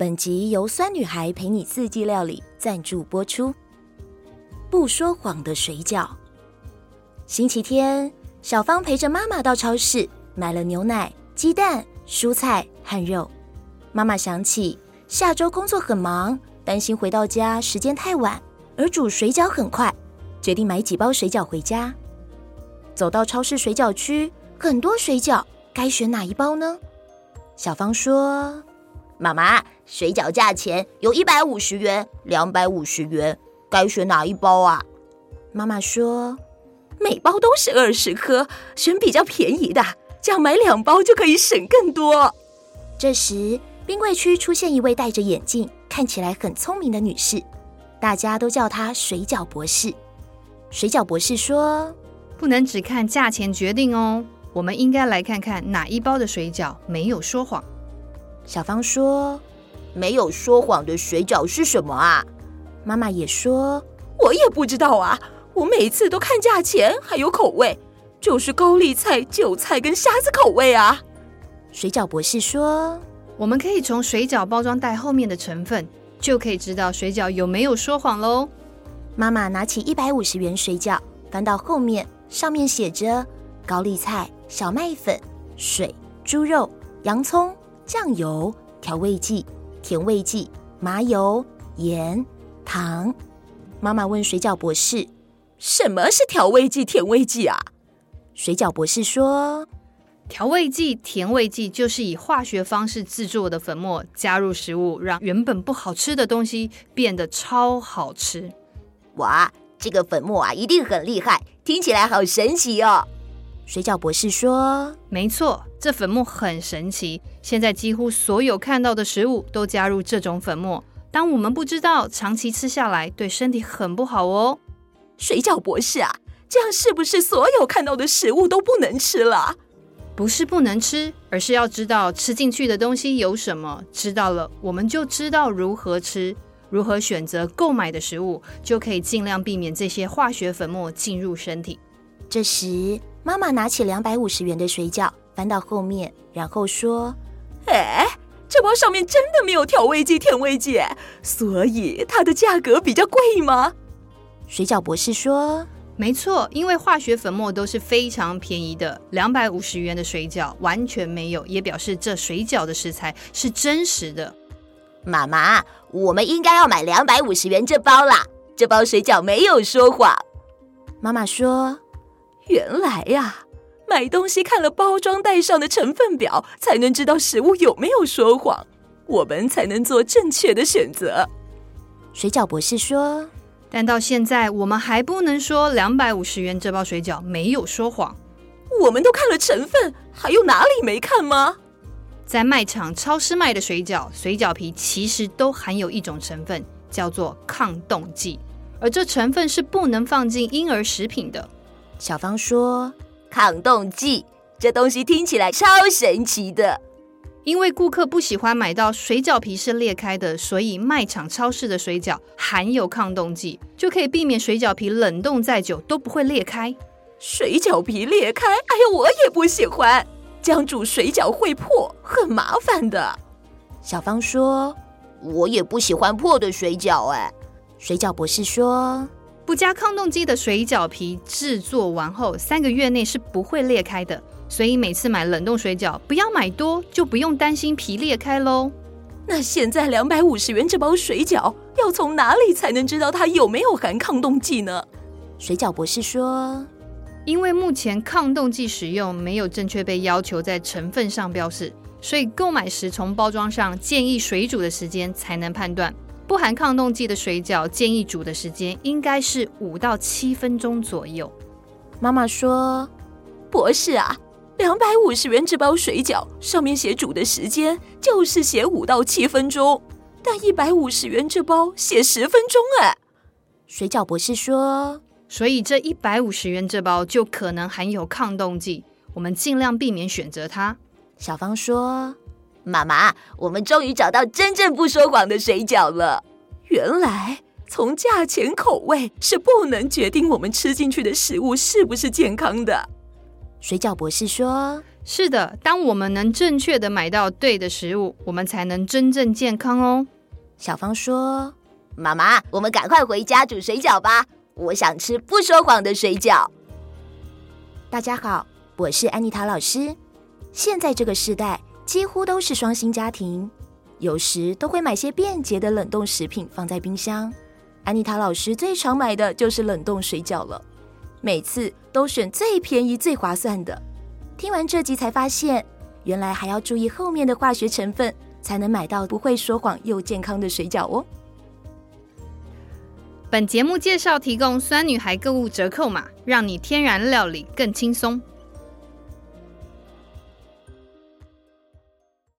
本集由酸女孩陪你四季料理贊助播出。不說謊的水餃。星期天，小芳陪着媽媽到超市買了牛奶、雞蛋、蔬菜和肉。媽媽想起下週工作很忙，擔心回到家時間太晚，而煮水餃很快，決定買幾包水餃回家。走到超市水餃區，很多水餃，該選哪一包呢？小芳說。媽媽，水餃價錢有一百五十元、兩百五十元，該選哪一包啊？媽媽說，每包都是二十顆，選比較便宜的，這樣買兩包就可以省更多。這時，冰櫃區出現一位戴着眼鏡、看起來很聰明的女士，大家都叫她“水餃博士”。水餃博士說：“不能只看價錢決定哦，我們應該來看看哪一包的水餃沒有說謊。”小芳說：“沒有說謊的水餃是什麼啊？”媽媽也說：“我也不知道啊，我每次都看價錢還有口味，就是高麗菜、韭菜跟蝦子口味啊。”水餃博士說：“我們可以從水餃包裝袋後面的成分，就可以知道水餃有沒有說謊嘍。”媽媽拿起一百五十元水餃，翻到後面，上面寫着高麗菜、小麥粉、水、豬肉、洋蔥。醬油、調味劑、甜味劑、麻油、鹽、糖。媽媽問水餃博士：“什麼是調味劑、甜味劑啊？”水餃博士說：“調味劑、甜味劑就是以化學方式製作的粉末，加入食物，讓原本不好吃的東西變得超好吃。”哇，這個粉末啊，一定很厲害，聽起來好神奇哦。水餃博士說：“沒錯，這粉末很神奇。現在幾乎所有看到的食物都加入這種粉末，當我們不知道長期吃下來對身體很不好哦。”水餃博士啊，這樣是不是所有看到的食物都不能吃了？不是不能吃，而是要知道吃進去的東西有什麼。知道了，我們就知道如何吃，如何選擇購買的食物，就可以盡量避免這些化學粉末進入身體。這時。媽媽拿起兩百五十元的水餃，翻到後面，然後說：“哎，這包上面真的沒有調味劑、甜味劑，所以它的價格比較貴嗎？”水餃博士說：“沒錯，因為化學粉末都是非常便宜的，兩百五十元的水餃完全沒有，也表示這水餃的食材是真實的。”媽媽，我們應該要買兩百五十元這包啦，這包水餃沒有說謊。媽媽說。原來呀，買東西看了包裝袋上的成分表，才能知道食物有沒有說謊，我們才能做正確的選擇。水餃博士說，但到現在我們還不能說兩百五十元這包水餃沒有說謊，我們都看了成分，還有哪裡沒看嗎？在賣場超市賣的水餃，水餃皮其實都含有一種成分，叫做抗凍劑，而這成分是不能放進嬰兒食品的。小芳說：“抗凍劑這東西聽起來超神奇的，因為顧客不喜歡買到水餃皮是裂開的，所以賣場超市的水餃含有抗凍劑，就可以避免水餃皮冷凍再久都不會裂開。水餃皮裂開，哎呀，我也不喜歡，這樣煮水餃會破，很麻煩的。”小芳說：“我也不喜歡破的水餃。”哎，水餃博士說。不加抗凍劑的水餃皮製作完後，三個月內是不會裂開的。所以每次買冷凍水餃，不要買多，就不用擔心皮裂開嘍。那現在兩百五十元這包水餃，要從哪裡才能知道它有沒有含抗凍劑呢？水餃博士說，因為目前抗凍劑使用沒有正確被要求在成分上標示，所以購買時從包裝上建議水煮的時間才能判斷。不含抗凍劑的水餃，建議煮的時間應該是五到七分鐘左右。媽媽說：“博士啊，兩百五十元這包水餃上面寫煮的時間就是寫五到七分鐘，但一百五十元這包寫十分鐘哎啊。”水餃博士說：“所以這一百五十元這包就可能含有抗凍劑，我們盡量避免選擇它。”小芳說。媽媽，我們終於找到真正不說謊的水餃了。原來，從價錢、口味是不能決定我們吃進去的食物是不是健康的。水餃博士說：“是的，當我們能正確的買到對的食物，我們才能真正健康哦。”小芳說：“媽媽，我們趕快回家煮水餃吧，我想吃不說謊的水餃。”大家好，我是安妮塔老師。現在這個時代。幾乎都是雙薪家庭，有時都會買些便捷的冷凍食品放在冰箱。安妮塔老師最常買的就是冷凍水餃了，每次都選最便宜、最划算的。聽完這集才發現，原來還要注意後面的化學成分，才能買到不會說謊又健康的水餃哦。本節目介紹提供酸女孩購物折扣碼，讓你天然料理更輕鬆。